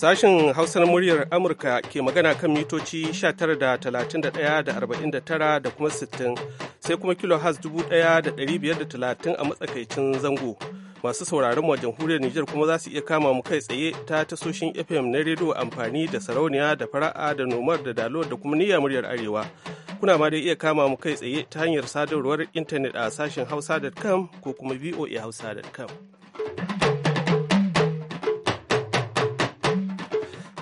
Sashen Hausar muryar Amurka ke magana kan mitoci 19 da 49 da kuma 60 sai kuma kilohaz 1530 a matsakaicin zango. Masu sauraron mu jamhuriyar Nijar kuma za su iya kama mu kai tsaye ta tasoshin FM na rediyo amfani da sarauniya da fara'a da nomar da dalo da kuma niyya muryar arewa. Kuna ma dai iya kama mu kai tsaye ta hanyar sadarwar intanet a sashen hausa.com ko kuma voahausa.com.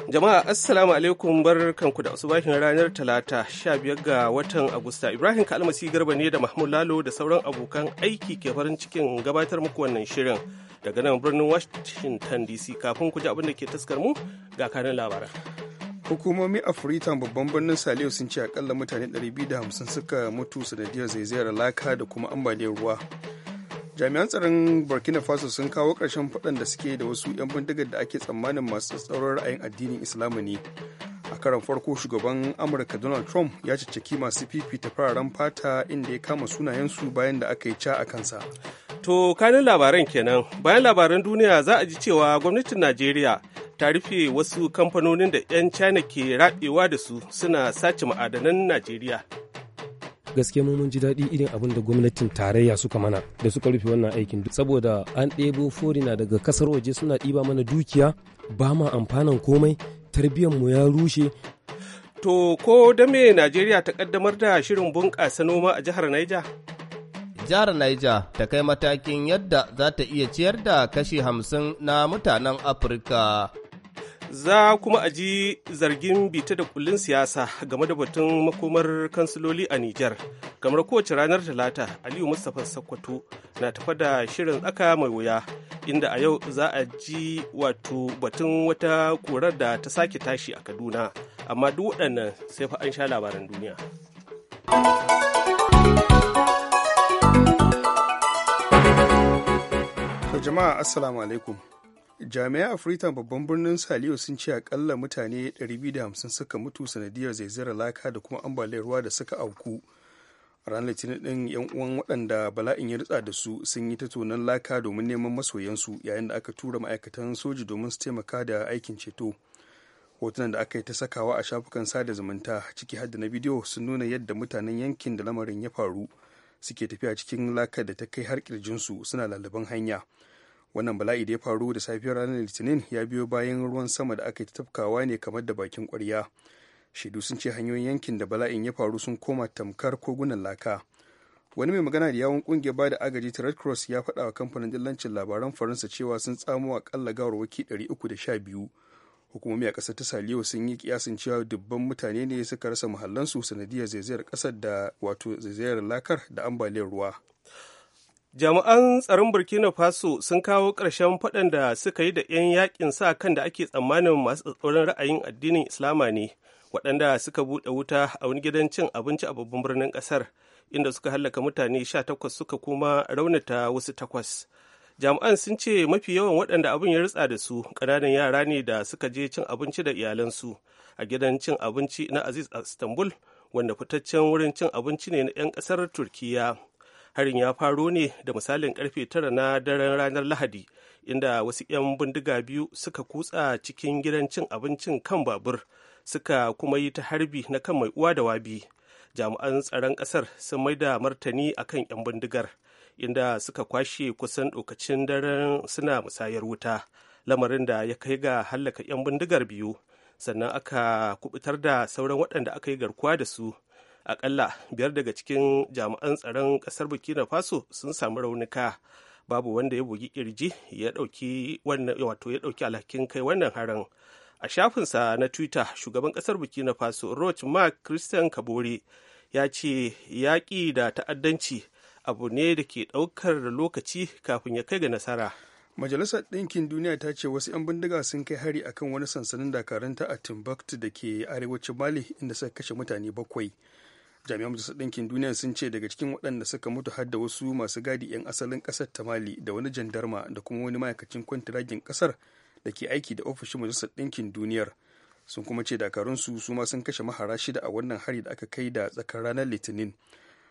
Jama'a Assalamu alaikum bar kanku da asubahin ranar Talata 15 ga watan Agusta. Ibrahim Kalmasi Garba ne da Mahmud Lalo da sauran abokan aiki ke farin cikin gabatar muku wannan shirin daga nan birnin Washington DC kafin ku ji abin da ke taskar mu ga kanin labaran. Hukumomi a Freetown babban birnin Saliyo sun ce akalla mutane 250 suka mutu sanadiyar zaizayar laka da kuma ambaliyar ruwa. jami'an tsaron burkina faso sun kawo ƙarshen faɗan da suke da wasu 'yan bindigar da ake tsammanin masu tsaron ra'ayin addinin islamu ne a karan farko shugaban amurka donald trump ya cicciki masu fifita fararen fata inda ya kama sunayensu bayan da aka yi ca a kansa to kanin labaran kenan bayan labaran duniya za a ji cewa gwamnatin najeriya ta rufe wasu kamfanonin da 'yan china ke rabewa da su suna sace ma'adanan najeriya gaske mu mun ji daɗi irin abin da gwamnatin tarayya suka mana da suka rufe wannan aikin saboda an ɗebo forina daga kasar waje suna ɗiba mana dukiya ba ma amfanan komai mu ya rushe to ko da me najeriya ta kaddamar da shirin bunƙasa noma a jihar naija jihar Niger ta kai matakin yadda za ta iya ciyar da kashi hamsin na mutanen Afirka. za kuma a ji zargin bita da kullun siyasa game da batun makomar kansiloli a Nijar. Kamar kowace ranar Talata, Aliyu Mustapha Sakwato na tafa da shirin tsaka mai wuya, inda a yau za a ji wato batun wata korar da ta sake tashi a Kaduna, amma duk waɗannan sai fa an sha labaran duniya. jama'a assalamu alaikum jami'a a freetown babban birnin saliyo sun ce akalla mutane 250 suka mutu sanadiyar zaizayar laka da kuma ambaliyar ruwa da suka auku ranar litinin din yan uwan waɗanda bala'in ya ritsa da su sun yi ta tonon laka domin neman masoyansu yayin da aka tura ma'aikatan soji domin su taimaka da aikin ceto hotunan da aka yi ta sakawa a shafukan sada zumunta ciki hadda na bidiyo sun nuna yadda mutanen yankin da lamarin ya faru suke tafiya cikin laka da ta kai har kirjinsu suna lalaban hanya wannan bala'i da ya faru da safiyar ranar litinin ya biyo bayan ruwan sama da aka yi tafkawa ne kamar da bakin kwarya shaidu sun ce hanyoyin yankin da bala'in ya faru sun koma tamkar kogunan laka wani mai magana da yawon kungiyar ba da agaji ta red cross ya faɗa wa kamfanin dillancin labaran faransa cewa sun tsamo akalla gawarwaki 312 hukumomi a ƙasar ta saliyo sun yi kiyasin cewa dubban mutane ne suka rasa muhallansu sanadiyar zaizayar ƙasar da wato zaizayar lakar da ambaliyar ruwa jami'an tsaron burkina faso sun kawo ƙarshen faɗan da suka yi da 'yan yakin sa kan da ake tsammanin masu tsatsauran ra'ayin addinin islama ne waɗanda suka buɗe wuta a wani gidan cin abinci a babban birnin ƙasar inda suka hallaka mutane sha takwas suka kuma raunata wasu takwas jami'an sun ce mafi yawan waɗanda abin ya ritsa da su ƙananan yara ne da suka je cin abinci da iyalansu a gidan cin abinci na aziz a istanbul wanda fitaccen wurin cin abinci ne na 'yan ƙasar Turkiyya. harin ya faro ne da misalin karfe tara na daren ranar lahadi inda wasu 'yan bindiga biyu suka kutsa cikin gidan cin abincin kan babur suka kuma yi ta harbi na kan mai uwa da wabi jami'an tsaron kasar sun da martani akan 'yan bindigar inda suka kwashe kusan ɗokacin daren suna musayar wuta lamarin da ya kai ga hallaka 'yan bindigar biyu sannan aka kubutar da sauran waɗanda aka yi garkuwa da su akalla biyar daga cikin jami'an tsaron kasar burkina faso sun samu raunuka babu wanda ya bugi kirji ya dauki wato ya dauki alhakin kai wannan harin a shafinsa na twitter shugaban kasar burkina faso roch ma christian kabore ya ce yaƙi da ta'addanci abu ne da ke ɗaukar lokaci kafin ya kai ga nasara majalisar ɗinkin duniya ta ce wasu 'yan bindiga sun kai hari akan wani sansanin dakaranta a timbuktu da ke arewacin mali inda suka kashe mutane bakwai jami'an majalisar ɗinkin duniya sun ce daga cikin waɗanda suka mutu har da wasu masu gadi 'yan asalin ƙasar ta mali da wani jandarma da kuma wani ma'aikacin kwantiragin ƙasar da ke aiki da ofishin majalisar ɗinkin duniyar sun kuma ce dakarunsu su ma sun kashe mahara shida a wannan hari da aka kai da tsakar ranar litinin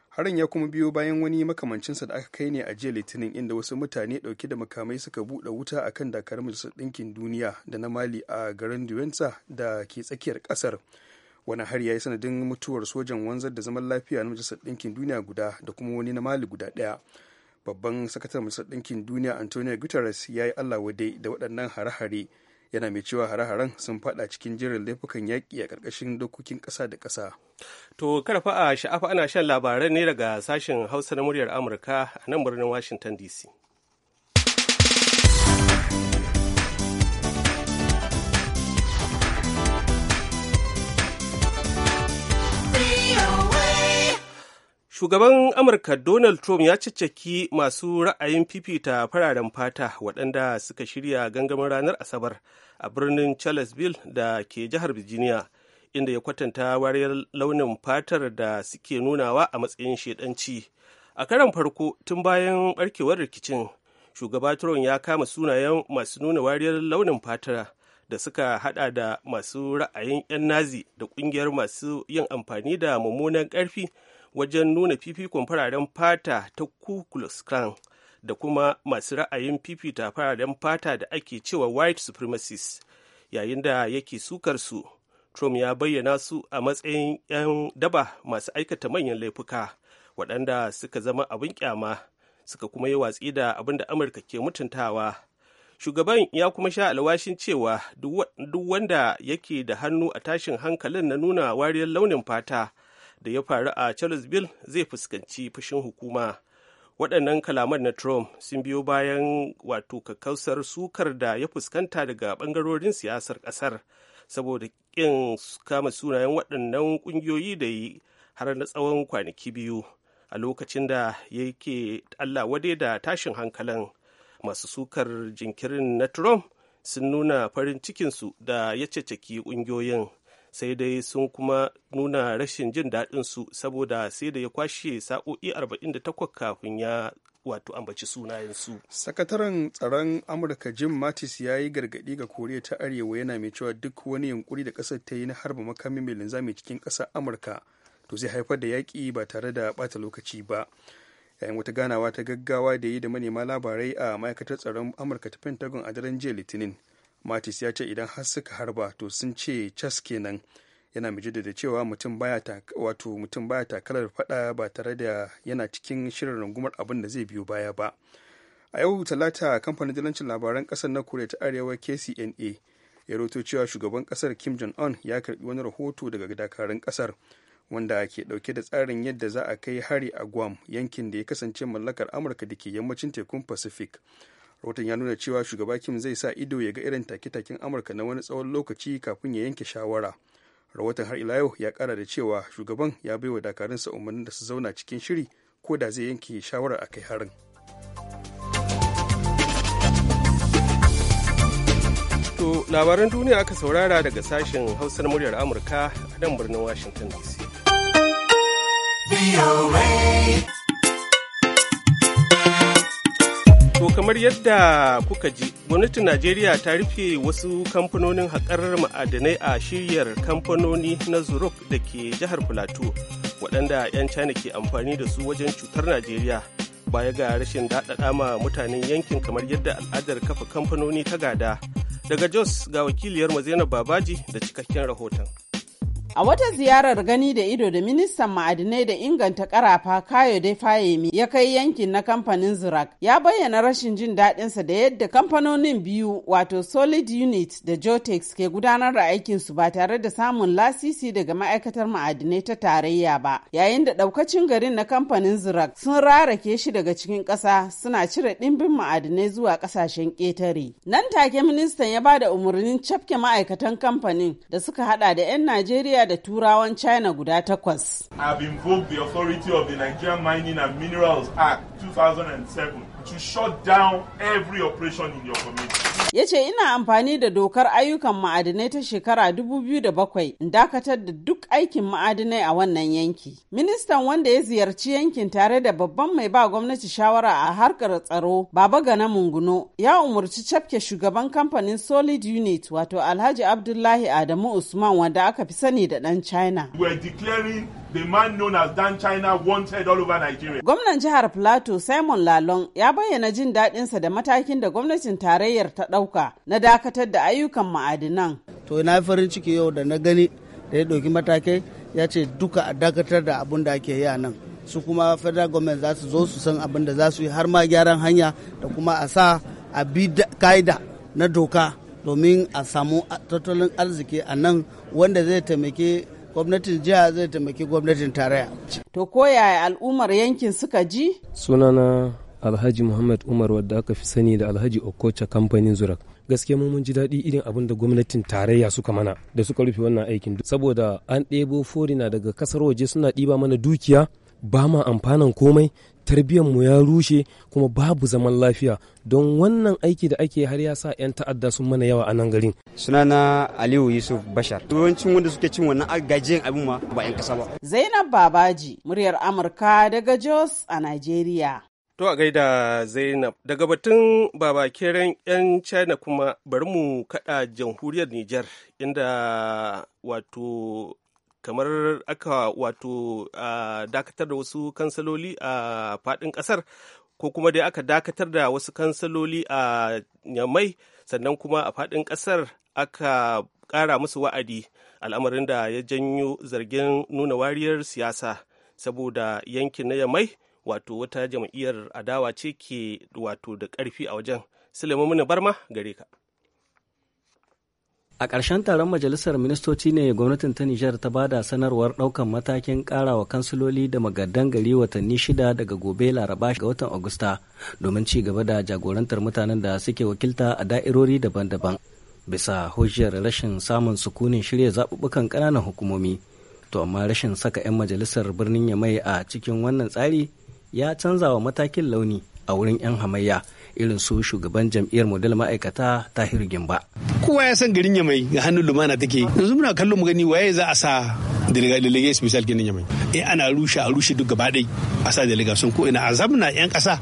harin ya kuma biyo bayan wani makamancinsa da aka kai ne a jiya litinin inda wasu mutane ɗauke da makamai suka buɗe wuta akan dakarun majalisar ɗinkin duniya da na mali a garin duwensa da ke tsakiyar ƙasar. wani har ya yi sanadin mutuwar sojan wanzar da zaman lafiya na majalisar ɗinkin duniya guda da kuma wani na mali guda ɗaya babban sakatar majalisar ɗinkin duniya antonio guterres ya yi allah wadai da waɗannan hare-hare yana mai cewa hare-haren sun faɗa cikin jirin laifukan yaƙi a ƙarƙashin dokokin ƙasa da ƙasa. To karfa a sha'afa ana shan labarai ne daga sashen Hausa na muryar Amurka a nan birnin Washington DC. Shugaban Amurka Donald Trump ya cicciki masu ra'ayin fifita fararen fata waɗanda suka shirya gangamin ranar Asabar a birnin Charlottesville da ke jihar Virginia, inda ya kwatanta wariyar launin fatar da suke nunawa a matsayin shedanci. A karan farko tun bayan barkewar rikicin, shugaba Trump ya kama sunayen masu nuna wariyar launin fatar da suka hada da masu ra'ayin 'yan nazi da ƙungiyar masu yin amfani da mummunan ƙarfi wajen nuna fifikon fararen fata ta ku klux klan da kuma masu ra'ayin fifita fararen fata da ake cewa white supremacists yayin da yake sukar su trump ya bayyana su a matsayin 'yan daba masu aikata manyan laifuka waɗanda suka zama abin kyama suka kuma yi watsi da abin da amurka ke mutuntawa shugaban ya kuma sha alwashin cewa duk wanda yake da hannu a tashin hankalin na nuna wariyar launin fata da ya faru a charlottesville zai fuskanci fushin hukuma waɗannan kalaman na trump sun biyo bayan wato kakkausar sukar da ya fuskanta daga ɓangarorin siyasar ƙasar saboda ƙin kama sunayen waɗannan ƙungiyoyi da yi har na tsawon kwanaki biyu a lokacin da yake allah wade da tashin hankalin masu sukar jinkirin na trump sun nuna farin cikinsu da ya ceceki ƙungiyoyin sai dai sun kuma nuna rashin jin daɗin su saboda sai da ya kwashe sa'o'i 48 kafin ya wato ambaci sunayensu. sakataren tsaron amurka jim mattis ya yi gargaɗi ga koriya ta arewa yana mai cewa duk wani yunkuri da ƙasar ta yi na harba makamin mai linzami cikin ƙasar amurka to zai haifar da yaƙi ba tare da ɓata lokaci ba yayin wata ganawa ta gaggawa da yi da manema labarai a ma'aikatar tsaron amurka ta pentagon a daren jiya litinin matis ya ce idan har suka harba to sun ce cas kenan yana mai da cewa mutum wato mutum baya takalar fada ba tare da yana cikin shirin rungumar abin da zai biyo baya ba a yau talata kamfanin dalancin labaran kasar na koriya ta arewa kcna ya roto cewa shugaban kasar kim jong un ya karbi wani rahoto daga dakarun kasar wanda ke dauke da tsarin yadda za a kai hari a guam yankin da ya kasance mallakar amurka da ke yammacin tekun pacific rahoton ya nuna cewa shugaba kim zai sa ido ya ga irin take-taken amurka na wani tsawon lokaci kafin ya yanke shawara rahoton har ila yau ya kara da cewa shugaban ya bai wa dakarunsa umarnin da su zauna cikin shiri ko da zai yanke shawarar a kai harin to labaran duniya aka saurara daga sashen hausar muryar amurka a dan birnin washington dc kamar yadda kuka ji, gwamnatin Najeriya ta rufe wasu kamfanonin haƙar ma'adanai a shiryar kamfanoni na zurok da ke jihar Filato, waɗanda 'yan China ke amfani da su wajen cutar Najeriya. Baya ga rashin daɗaɗa ma mutanen yankin kamar yadda al'adar kafa kamfanoni ta gada. Daga Jos ga wakiliyar mazena Babaji da cikakken rahoton. A wata ziyarar gani da ido da ministan ma'adinai da inganta karafa Kayode Fayemi ya kai yankin na kamfanin Zirak ya bayyana rashin jin daɗinsa da yadda kamfanonin biyu wato Solid Unit da Jotex ke gudanar da aikinsu ba tare da samun lasisi daga ma'aikatar ma'adinai ta tarayya ba. Yayin da ɗaukacin garin na kamfanin Zirak sun rarake shi daga cikin ƙasa suna cire ɗimbin ma'adinai zuwa ƙasashen ƙetare. Nan take ministan ya ba da umarnin cafke ma'aikatan kamfanin da suka hada da 'yan Najeriya I've invoked the authority of the Nigerian Mining and Minerals Act 2007 to shut down every operation in your community. ya ce ina amfani da dokar ayyukan ma'adinai ta shekara 2007 in dakatar da duk aikin ma'adinai a wannan yanki ministan wanda ya ziyarci yankin tare da babban mai ba gwamnati shawara a harkar tsaro baba gana munguno ya umarci cafke shugaban kamfanin solid unit wato alhaji abdullahi adamu usman wanda aka fi sani da ɗan china the man known as Dan China wanted all over Nigeria. Gwamnan jihar Plateau Simon Lalong ya bayyana jin daɗinsa da matakin da gwamnatin tarayyar ta ɗauka na dakatar da ayyukan ma'adinan. To na farin ciki yau da na gani da ya ɗauki matakai ya ce duka a dakatar da abun da ake yi a nan. Su kuma federal government za su zo su san abin da za su yi har ma gyaran hanya da kuma a sa a bi ka'ida na doka domin a samu tattalin arziki a nan wanda zai taimake gwamnatin jiha zai taimaki gwamnatin tarayya. To ko yaya al'ummar yankin suka ji? Sunana Alhaji Muhammad Umar wadda aka fi sani da Alhaji Okocha kamfanin Zurak. Gaskiya mun ji daɗi irin abin da gwamnatin tarayya suka mana da suka rufe wannan aikin saboda an ɗebo forina daga kasar waje suna ɗiba mana dukiya ba ma amfanan komai mu ya rushe kuma babu zaman lafiya don wannan aiki da ake har ya sa 'yan ta'adda sun mana yawa a nan garin. sunana aliyu yusuf bashar yawancin wanda suke cin wannan agajiyar abin ma ba 'yan kasa ba zainab babaji muryar amurka daga jos a nigeria To a gaida Zainab, daga batun babakiran 'yan China kuma bari mu kada jamhuriyar niger inda wato kamar aka wato dakatar da wasu kansaloli a fadin kasar ko kuma dai aka dakatar da wasu kansaloli a yamai sannan kuma a fadin kasar aka kara musu wa'adi al'amarin da ya janyo zargin nuna wariyar siyasa saboda yankin na yamai wato wata jam'iyyar adawa ce ke wato da ƙarfi a wajen muni barma gare ka A ƙarshen taron majalisar ministoci ne gwamnatin ta Nijar ta bada sanarwar ɗaukan matakin ƙarawa kansiloli da magadan gari watanni shida daga gobe laraba ga watan Agusta domin ci gaba da jagorantar mutanen da suke wakilta a da'irori daban-daban bisa hujjar rashin samun sukunin shirya zaɓuɓɓukan ƙananan hukumomi. To amma rashin saka 'yan majalisar birnin Yamai a cikin wannan tsari ya canza wa matakin launi a wurin 'yan hamayya irin su shugaban jam'iyyar model ma'aikata tahir gimba kowa ya san garin yamai ga hannun lumana take yanzu muna kallon mu gani waye za a sa delegate special garin yamai eh ana rushe a rushe duk gaba ɗaya a sa delegation ko ina a zamna yan ƙasa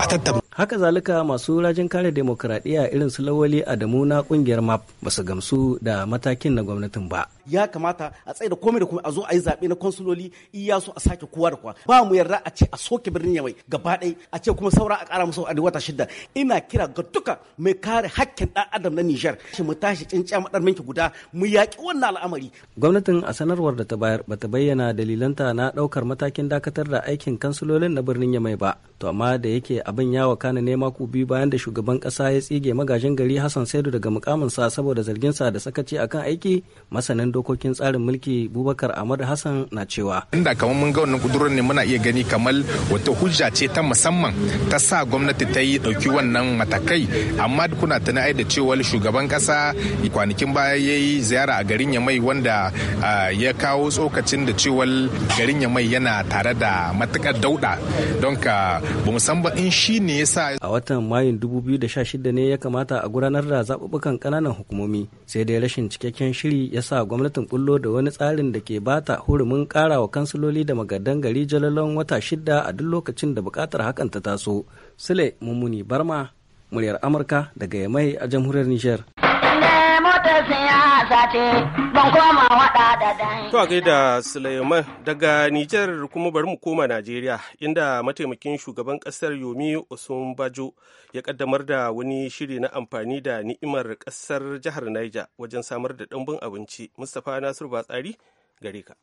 a tattaba haka zalika masu rajin kare demokradiyya irin su lawali adamu na kungiyar map ba su gamsu da matakin na gwamnatin ba ya kamata a tsaye da komai da komai a zo a yi zaɓe na konsuloli iya so a sake kowa da kowa ba mu yarda a ce a soke birnin yamai gaba ɗaya a ce kuma saura a ƙara musu a wata shida ina kira ga duka mai kare hakkin ɗan adam na Nijar shi mu tashi tsinciya madar minki guda mu yaƙi wannan al'amari gwamnatin a sanarwar da ta bayar bata bayyana dalilanta na ɗaukar matakin dakatar da aikin kansulolin na birnin yamai ba to amma da yake abin ya wakana nema ku biyu bayan da shugaban ƙasa ya tsige magajin gari Hassan Saidu daga mukaminsa saboda zargin sa da sakaci akan aiki masanin dokokin tsarin mulki Bubakar Ahmad Hassan na cewa. Inda kamar mun ga wannan kudurar ne muna iya gani kamar wata hujja ce ta musamman ta sa gwamnati ta yi ɗauki wannan matakai amma kuna tana da cewa shugaban kasa kwanakin baya ya yi ziyara a garin Yamai wanda ya kawo tsokacin da cewa garin Yamai yana tare da matukar dauɗa don ka ba san ba in shi ne ya sa. A watan Mayun 2016 ne ya kamata a gudanar da zaɓuɓɓukan ƙananan hukumomi sai dai rashin cikakken shiri ya sa gwamnati gwamnatin kullo da wani tsarin da ke bata hurumin kara wa kansiloli da magadan gari jalalon wata shida a duk lokacin da bukatar hakan ta taso sule mummuni barma muryar amurka daga yamai a jamhuriyar nijar sace ban koma wada da dan. To a gaida Suleiman daga Nijar kuma bari mu koma Najeriya inda mataimakin shugaban kasar Yomi Osunbajo ya kaddamar da wani shiri na amfani da ni'imar kasar jihar Niger wajen samar da ɗumbin abinci. Mustapha Nasiru Batsari gare ka.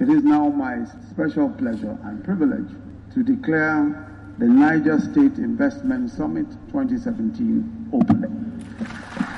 It is now my special pleasure and privilege to declare the Niger State Investment Summit 2017 open.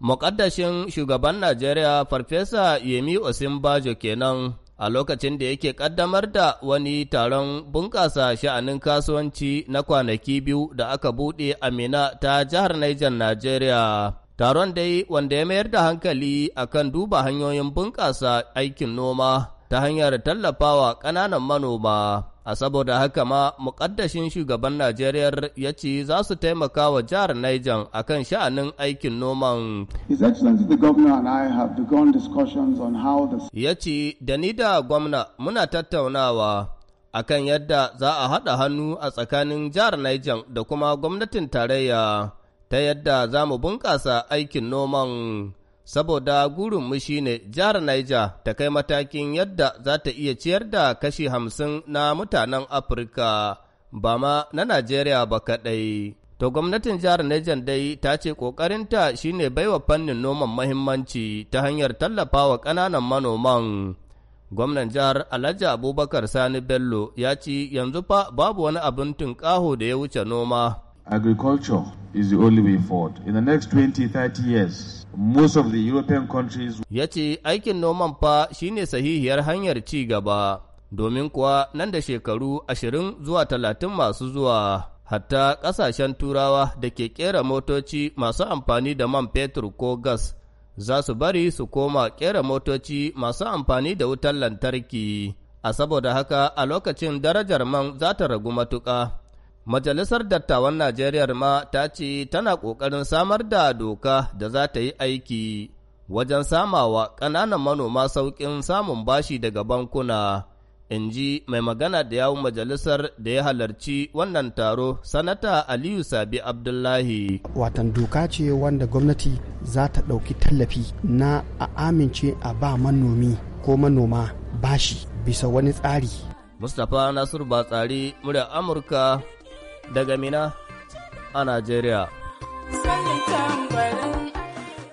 Muƙaddashin shugaban Najeriya Farfesa Yemi Osinbajo kenan a lokacin da yake ƙaddamar da wani taron bunƙasa sha'anin kasuwanci na kwanaki biyu da aka buɗe a Mina ta jihar Niger Najeriya. Taron dai wanda ya mayar da hankali akan duba hanyoyin bunƙasa aikin noma ta hanyar tallafawa ƙananan manoma. A saboda haka ma muƙaddashin shugaban Najeriya ya ce za su taimaka wa jihar Niger a kan sha'anin aikin noman. Ya ce da ni da gwamna muna tattaunawa a kan yadda za a haɗa hannu a tsakanin jihar Niger da kuma gwamnatin tarayya ta yadda za mu bunƙasa aikin noman. saboda gurun mu shine, jihar Niger ta kai matakin yadda za ta iya ciyar da kashi hamsin na mutanen Afirka ba ma na Najeriya ba kaɗai. To gwamnatin jihar Niger dai ta ce ƙoƙarinta shi ne baiwa fannin noman mahimmanci ta hanyar tallafawa ƙananan manoman. Gwamnan jihar Alhaji Abubakar Sani Bello ya ci yanzu fa babu wani abin tunƙaho da ya wuce noma. agriculture is the only way forward. In the next 20, 30 years, most of the European countries... Ya ce aikin noman fa shine sahihiyar hanyar ci gaba, domin kuwa nan da shekaru ashirin zuwa talatin masu zuwa hatta ƙasashen turawa da ke ƙera motoci masu amfani da man fetur ko gas za su bari su koma ƙera motoci masu amfani da wutar lantarki, a saboda haka a lokacin darajar man za ta ragu matuƙa. Majalisar Dattawan Najeriya ma ta ce tana ƙoƙarin samar da doka da za ta yi aiki wajen samawa ƙananan manoma sauƙin samun bashi daga bankuna, in ji mai magana da yawun majalisar da ya halarci wannan taro, Sanata Aliyu Sabi Abdullahi. Watan doka ce wanda gwamnati za ta ɗauki tallafi na a amince a ba manomi ko manoma bashi bisa wani tsari. Mustapha Nasiru Batsari, murya Amurka. daga Mina a Najeriya.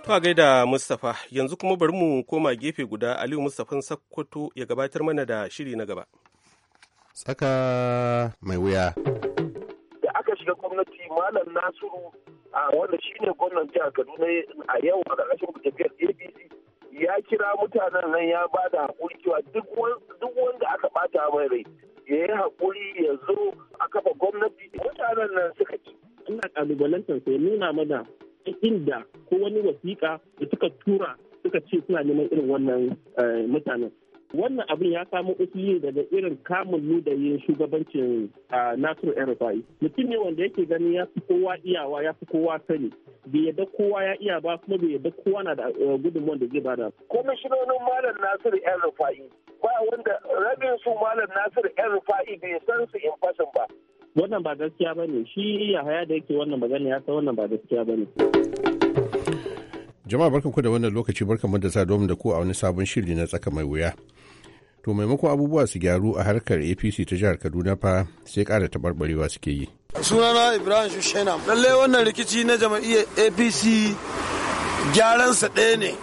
To gaida Mustapha yanzu kuma bari mu koma gefe guda Aliyu Mustapha Sakkwato ya gabatar mana da shiri na gaba. Tsaka mai wuya. Da aka shiga gwamnati Malam Nasiru a wanda shine gwamnan jihar Kaduna a yau a ƙarƙashin tafiyar APC ya kira mutanen nan ya bada da hakuri cewa duk wanda aka bata mai rai ya yi haƙuri ya zo a kafa gwamnati mutanen nan suka ci. Ina ƙalubalantar sai nuna mana inda ko wani wasiƙa da suka tura suka ce suna neman irin wannan eh, mutanen. wannan abin ya samo usuli daga irin kamun nudaye shugabancin nasiru rfi mutum ne wanda yake gani ya fi kowa iyawa ya fi kowa sani bai yadda kowa ya iya ba kuma bai yadda kowa na da gudunmuwan da zai bada wani malam nasiru rfi ba wanda rabin su malam nasiru rfi bai san su in fashin ba wannan ba gaskiya ba ne shi yahaya da yake wannan magana ya san wannan ba gaskiya ba ne Jama'a ku da wannan lokaci mu da domin da ku a wani sabon shiri na tsaka mai wuya. To maimakon abubuwa su gyaru a harkar APC ta jihar Kaduna fa sai kara taɓarɓarewa suke yi. Sunana Ibrahim Shushena. Lalle wannan rikici na jama'iyyar APC sa ɗaya ne.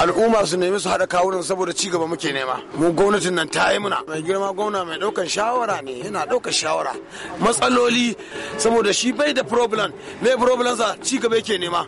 al'umma su nemi su haɗa kawunan saboda ci gaba muke nema mu gwamnatin nan ta yi muna mai girma gwamna mai ɗaukan shawara ne yana ɗaukan shawara matsaloli saboda shi bai da problem mai problem sa ci gaba yake nema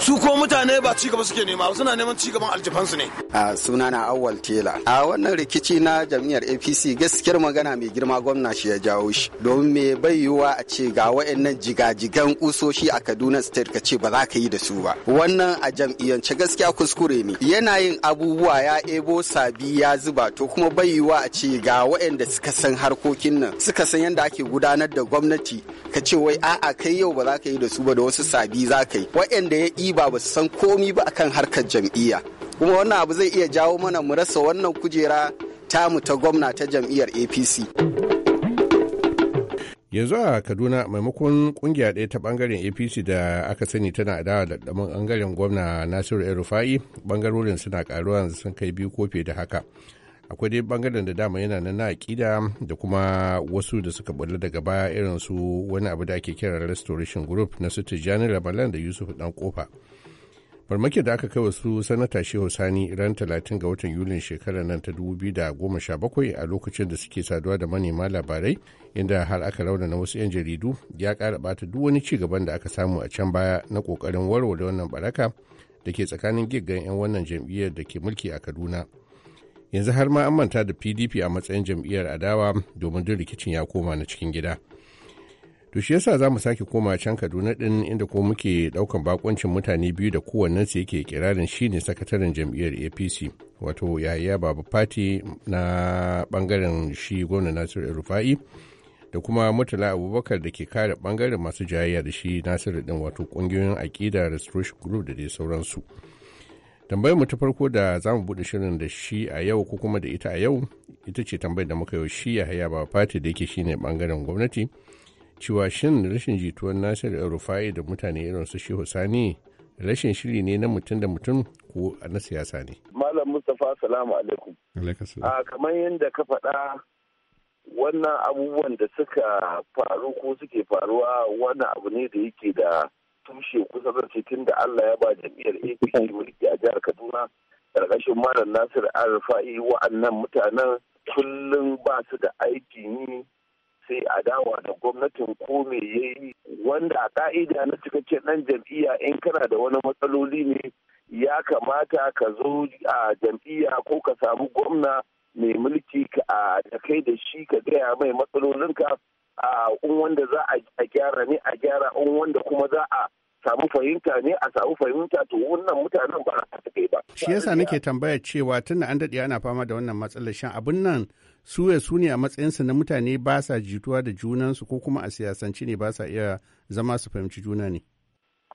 su ko mutane ba ci gaba suke nema suna neman ci gaban aljifansu ne a suna na awwal tela a wannan rikici na jam'iyyar apc gaskiyar magana mai girma gwamna shi ya jawo shi domin me bai yiwuwa a ce ga wayannan jigajigan kusoshi a kaduna state ka ce ba za ka yi da su ba wannan a jam'iyyance gaskiya kuskure ne yana yin abubuwa ya ebo sabi ya zuba to kuma bai yiwa a ce ga wayanda suka san harkokin nan suka san yadda ake gudanar da gwamnati ka ce wai a'a kai yau ba za ka yi da su ba da wasu sabi za ka yi wayanda ya ba ba su san komi ba akan harkar jam'iyya kuma wannan abu zai iya jawo mana mu rasa wannan kujera tamu ta gwamna ta jam'iyyar apc yanzu a kaduna maimakon kungiya ɗaya ta bangaren apc da aka sani tana adawa da ɗamin bangaren gwamna nasiru el rufa'i bangarorin suna karuwa sun kai biyu ko da haka akwai dai bangaren da dama yana na aƙida da kuma wasu da suka bulla daga baya irin su wani abu da ake kira restoration group na su tijjani labalan da yusuf dan kofa farmakin da aka kai wa su sanata shehu sani ran 30 ga watan yulin shekarar nan ta 2017 a lokacin da suke saduwa da manema labarai inda har aka na wasu 'yan jaridu ya kara bata duk wani ci gaban da aka samu a can baya na kokarin warware wannan baraka da ke tsakanin giggan 'yan wannan jam'iyyar da ke mulki a kaduna yanzu har ma an manta da pdp a matsayin jam'iyyar adawa domin duk rikicin ya koma na cikin gida to shi yasa za mu sake koma can kaduna din inda ko muke daukan bakoncin mutane biyu da kowannen su yake kirarin shine sakataren jam'iyyar apc wato yahaya babu fati na bangaren shi gwamna nasiru rufa'i da kuma mutala abubakar da ke kare bangaren masu jayayya da shi nasiru din wato kungiyoyin aƙida restoration group da dai sauransu. tambayar mu ta farko da za mu buɗe shirin da shi a yau ko kuma da ita a yau ita ce tambayar da muka yau shi ya haya ba fati da yake shine bangaren gwamnati cewa shin rashin jituwar nasir rufai da mutane irin su shehu sani rashin shiri ne na mutum da mutum ko na siyasa ne malam mustapha salamu alaikum a ah, kamar yadda ka faɗa wannan abubuwan da suka faru ko suke faruwa wani abu ne da yake da tushe kusa da tun da Allah ya ba jam'iyyar APC mulki a jihar Kaduna karkashin Malam Nasir Arfa'i wa'annan mutanen kullum ba su da aiki yi sai a dawa da gwamnatin ko me yayi wanda a ka'ida na cikakken ɗan jam'iyya in kana da wani matsaloli ne ya kamata ka zo a jam'iyya ko ka samu gwamna mai mulki a da kai da shi ka gaya mai matsalolinka in wanda za a gyara ne a gyara in wanda kuma za a samu fahimta ne a samu fahimta to wannan mutanen ba a kai ba. Shi yasa nake tambaya cewa tunda an daɗe ana fama da wannan matsalar shan abun nan su su ne a matsayinsu na mutane ba sa jituwa da junansu ko kuma a siyasance ne ba sa iya zama su fahimci juna ne.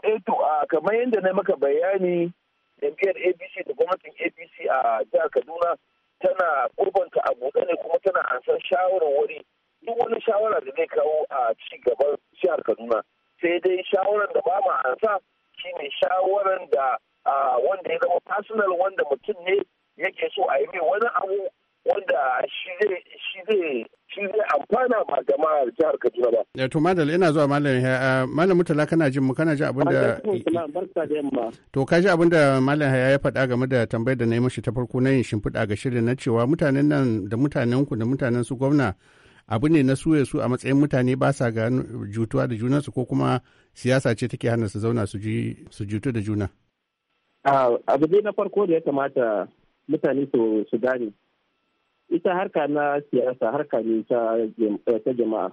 Eh to kamar yadda na maka bayani jam'iyyar ABC da gwamnatin ABC a jihar Kaduna tana kurbanta a buɗe ne kuma tana ansan shawarwari duk wani shawara da zai kawo a ci gaban jihar kaduna sai dai shawaran da ba ma ansa shine shawaran da wanda ya zama personal wanda mutum ne yake so a yi mai wani abu wanda shi zai shi zai amfana ba jama'ar jihar Kaduna ba. Ya eh, to madal ina zuwa malam ya eh, malam mutala kana jin mu kana ji abin da To ka ji abin da malam ya ya faɗa game da tambayar da na yi mashi ta farko na yin shimfiɗa ga shirin na cewa mutanen nan da mutanen ku da mutanen su gwamna abu ne na suya su a matsayin mutane ba sa ga jutuwa da junansu ko kuma siyasa ce take hana su zauna su jutu da juna? Abu dai na farko da ya kamata mutane su gane. Ita harka na siyasa harka ne ta jama'a.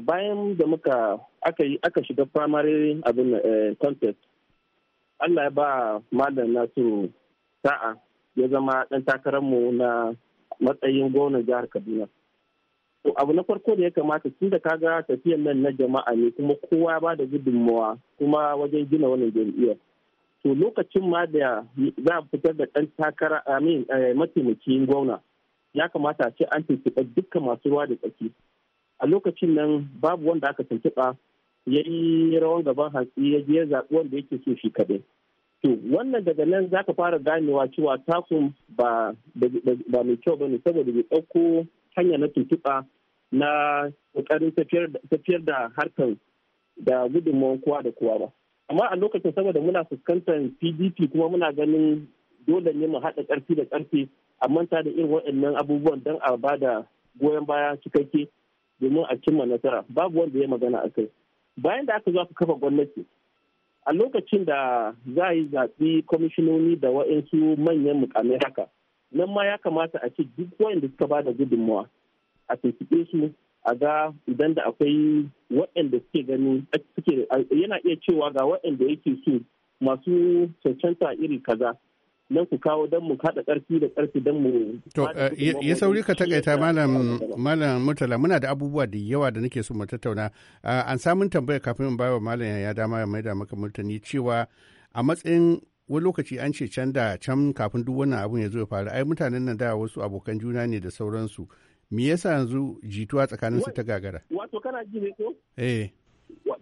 Bayan da muka aka shiga primary abin eh, contest, Allah ya ba malam su sa'a ya zama ɗan takararmu na matsayin gwamnan jihar Kaduna. to abu na farko da ya kamata tun da kaga tafiyan nan na jama'a ne kuma kowa ba da gudunmawa kuma wajen gina wannan jam'iyyar to lokacin ma da za a fitar da ɗan takara a amin eh, mataimakin gwamna ya kamata a ce an tuntuɓa dukkan masu ruwa da tsaki a lokacin nan babu wanda aka tuntuɓa ya yi rawan gaban hantsi ya je zaɓi wanda yake so shi kaɗai to wannan daga nan za ka fara ganewa cewa takun ba mai kyau ba ne saboda bai ɗauko hanya na tuntuɓa na ƙoƙarin tafiyar da harkar da gudunmawar kowa da kowa ba amma a lokacin saboda muna fuskantar pdp kuma muna ganin dole ne mu haɗa ƙarfi da ƙarfi a manta da irin waɗannan abubuwan don a ba da goyon baya cikakke domin a cimma nasara babu wanda ya magana a kai bayan da aka zo aka kafa gwamnati a lokacin da za a yi zaɓi kwamishinoni da waɗansu manyan mukamai haka nan ma ya kamata a ce duk waɗanda suka ba da gudunmawa a tuntuɓe su a ga idan da akwai waɗanda suke gani yana iya cewa ga waɗanda yake so masu cancanta iri kaza nan ku kawo don mu kaɗa ƙarfi da ƙarfi don mu. To, eh, ya sauri ka takaita malam malam muna da abubuwa da yawa da nake so mu tattauna. Ah, an samun tambaya kafin in wa malam ya dama ya maida maka murtani cewa a matsayin wani lokaci an ce can da can kafin duk wannan abun ya zo ya faru ai mutanen nan da wasu abokan juna ne da sauransu me yasa yanzu jituwa tsakanin su ta gagara wato kana ji ne ko eh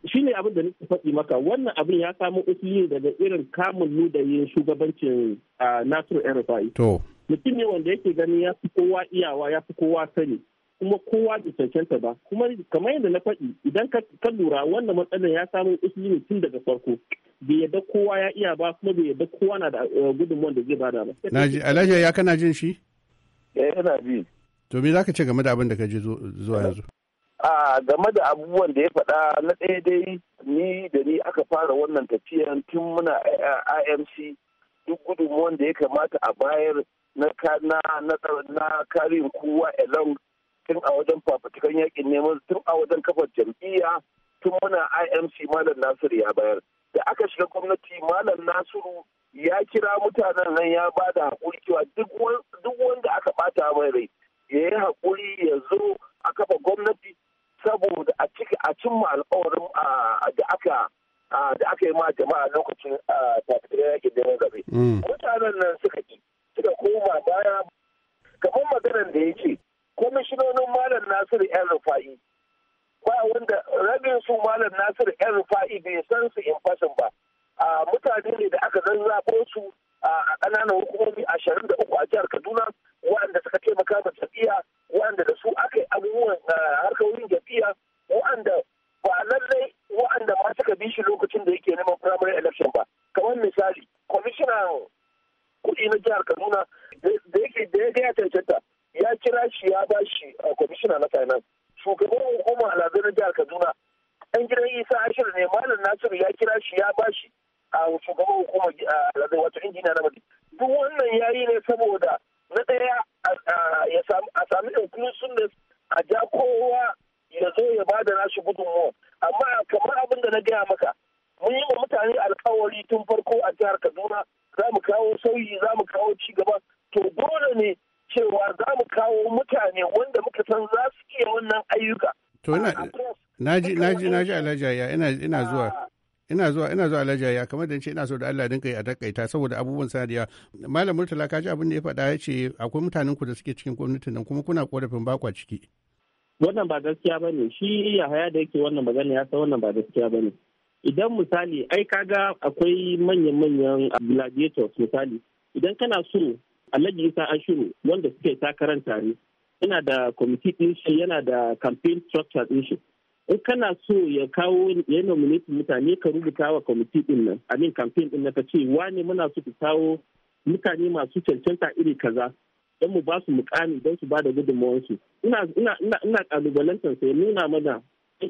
shi ne abin da nake faɗi maka wannan abin ya samo usuli daga irin kamun ludayin shugabancin ah, nasiru rfi to mutum ne wanda yake gani ya fi kowa iyawa ya fi kowa sani kuma kowa bai cancanta ba kuma kamar yadda na faɗi idan ka lura wannan matsalar ya samu usuli ne tun daga farko bai yadda kowa ya iya ba kuma bai yadda kowa na da eh, gudunmuwan da zai bada ba. Alhaji ya kana jin shi? ya eh, yana bi. To me ka ce game da abin da ka ji zuwa yanzu? A game da abubuwan da ya faɗa na ɗaya dai ni da ni aka fara wannan tafiyan tun muna eh, IMC duk gudunmuwan da ya kamata a bayar na na na kowa along tun a wajen fafatikan yakin neman tun a wajen kafar jam'iyya tun muna imc malam nasiru ya bayar da aka shiga gwamnati malam nasiru ya kira mutanen nan ya ba da haƙuri cewa duk wanda aka bata mai rai ya yi haƙuri ya zo a kafa gwamnati saboda a cika a cimma alƙawarin da aka da aka yi ma jama'a lokacin tafiya yakin neman zaɓe. Mm. Mutanen nan suka ki suka koma baya kamar maganar da ya ce kwamishinonin malam nasiru yan rufa'i ba wanda rabin su malam nasiru yan rufa'i bai san su in fashin ba a mutane ne da aka zazzabo su a ƙananan hukumomi ashirin da uku a jihar kaduna waɗanda suka taimaka ma jam'iyya waɗanda da su aka yi abubuwan harkokin jam'iyya waɗanda ba lallai waɗanda ma suka bi shi lokacin da yake neman primary election ba kamar misali kwamishinan kuɗi na jihar kaduna da yake da ya cancanta ya kira shi ya ba shi a uh, kwamishina na finance shugaban hukumar alhazai jihar kaduna ɗan gidan isa ashirin ne malam nasiru ya kira shi ya ba shi a uh, shugaban hukumar uh, alhazai wato injiniya na madi duk wannan ya yi ne saboda na ɗaya a sami da a ja kowa ya zo ya ba da nashi gudunmuwa amma kamar abin da na gaya maka mun yi wa mutane alkawari tun farko a jihar kaduna za mu kawo sauyi za mu kawo ci gaba to dole ne cewa za mu kawo mutane wanda muka san za su iya wannan ayyuka. To naji naji Alhaji ya ina ah. zuwa ina zuwa ina zuwa Alhaji ya kamar da ce ina so da Allah dinka yi a takaita saboda abubuwan sadiya Malam Murtala kaji abin da ya faɗa ya ce akwai mutanen ku da suke cikin gwamnatin nan kuma kuna korafin bakwa ciki. Wannan ba gaskiya bane shi haya da yake wannan magana ya san wannan ba gaskiya bane. Idan misali ai kaga akwai manyan manyan gladiators misali idan kana so alhaji isa ashiru wanda suke takarar tare yana da kwamiti ɗin shi yana da campaign structure ɗin shi in kana so ya kawo ya nominate mutane ka rubuta wa kwamiti ɗin nan amin campaign ɗin na ka ce wane muna so ku kawo mutane masu cancanta iri kaza don mu ba su mukami don su ba da gudunmawarsu ina ina ina kalubalantar sai nuna mana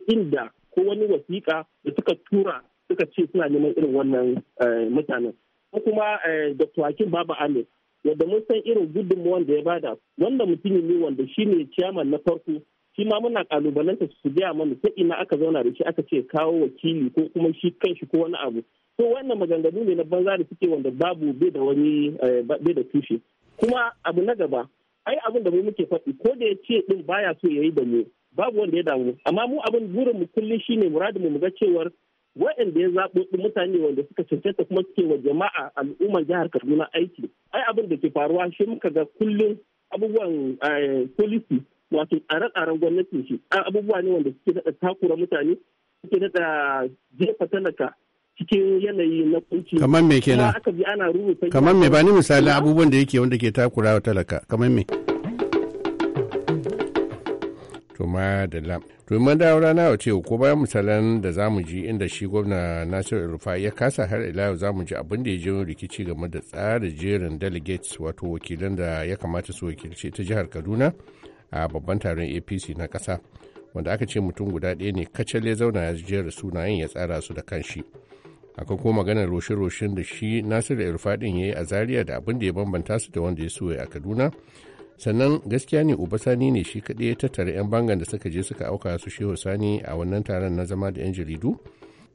inda ko wani wasiƙa da suka tura suka ce suna neman irin wannan eh, mutanen ko kuma eh, dr hakim baba ahmed yadda mun san irin gudunmuwan da ya bada wanda mutumi ne wanda shi ne ciyaman na farko shi ma muna kalubalanta su gaya mana ta ina aka zauna da shi aka ce kawo wakili ko kuma shi kanshi ko wani abu ko wannan maganganu ne na banza da suke wanda babu bai da wani eh, bai da tushe kuma abu na gaba ai abin da mu muke faɗi ko da ya ce din baya so yayi da mu babu wanda ya damu amma mu abin burin mu kullum shine muradin mu ga cewar waɗanda ya zaɓo mutane wanda suka cancanta kuma suke wa jama'a al'ummar jihar kaduna aiki ai abin da ke faruwa shi muka ga kullum abubuwan eh, policy wato tsare-tsaren gwamnatin shi abubuwa ne wanda suke daɗa takura mutane suke daɗa jefa talaka cikin yanayi na kunci kamar me kenan kamar me ba ni misali abubuwan da yake wanda ke takura wa talaka kamar me to ma da lam to mun rana wace ko bayan misalan da zamu ji inda shi gwamna Nasiru Rufa ya kasa har ila yau zamu ji abin da ya jiro rikici game da tsarin jerin delegates wato wakilan da ya kamata su wakilce ta jihar Kaduna a babban taron APC na kasa wanda aka ce mutum guda ɗaya ne kacal ya zauna ya jera sunayen ya tsara su da kanshi akwai kuma maganar roshe-roshen da shi Nasiru Rufa din yayi a Zariya da abin da ya bambanta su da wanda ya soya a Kaduna sannan gaskiya ne uba sani ne shi kaɗai ya tattara 'yan bangan da suka je suka auka su shehu sani a wannan taron na zama da 'yan jaridu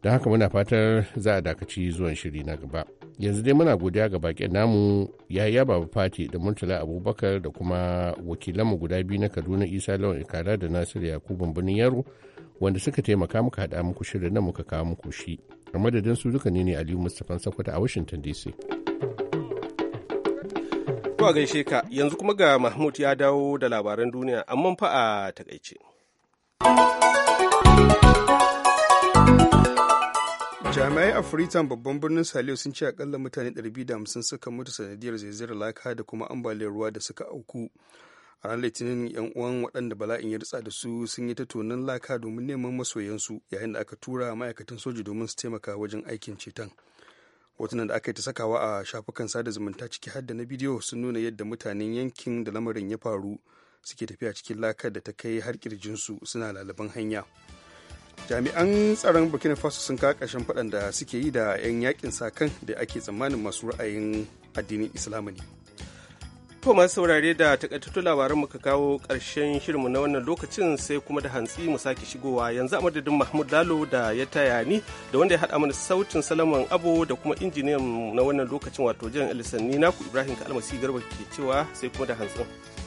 don haka muna fatar za a dakaci zuwan shiri na gaba yanzu dai muna godiya ga baƙin namu ya yaba fati da murtala abubakar da kuma wakilanmu guda biyu na kaduna isa lawan ikara da nasiru yakubu birnin yaro wanda suka taimaka muka haɗa muku shirin na muka kawo muku shi a madadin su duka ne ne aliyu mustapha sakwata a washington dc To gaishe ka yanzu kuma ga Mahmud ya dawo da labaran duniya amma fa a takaice. jami'ai a freetown babban birnin saliyo sun ce akalla mutane 250 suka mutu sanadiyar zaizayar laka da kuma ambaliyar ruwa da suka auku a ranar litinin yan uwan waɗanda bala'in ya ritsa da su sun yi ta tonon laka domin neman masoyansu yayin da aka tura ma'aikatan soji domin su taimaka wajen aikin ceton hotunan da aka yi ta sakawa a shafukan sada zumunta ciki har da na bidiyo sun nuna yadda mutanen yankin da lamarin ya faru suke tafiya cikin lakar da ta kai har kirjinsu suna lalaban hanya jami'an tsaron burkina faso sun kawo ƙarshen faɗan da suke yi da 'yan yakin sa kan da ake tsammanin masu ra'ayin addinin islamu ne To masu saurare da takaitattun labaran muka kawo ƙarshen shirinmu na wannan lokacin sai kuma da hantsi mu sake shigowa yanzu a madadin Mahmud Lalo da ya taya ni da wanda ya haɗa mana sautin Salaman Abo da kuma injiniyan na wannan lokacin wato Jan Elisan ni naku Ibrahim Kalmasi Garba ke cewa sai kuma da hantsin.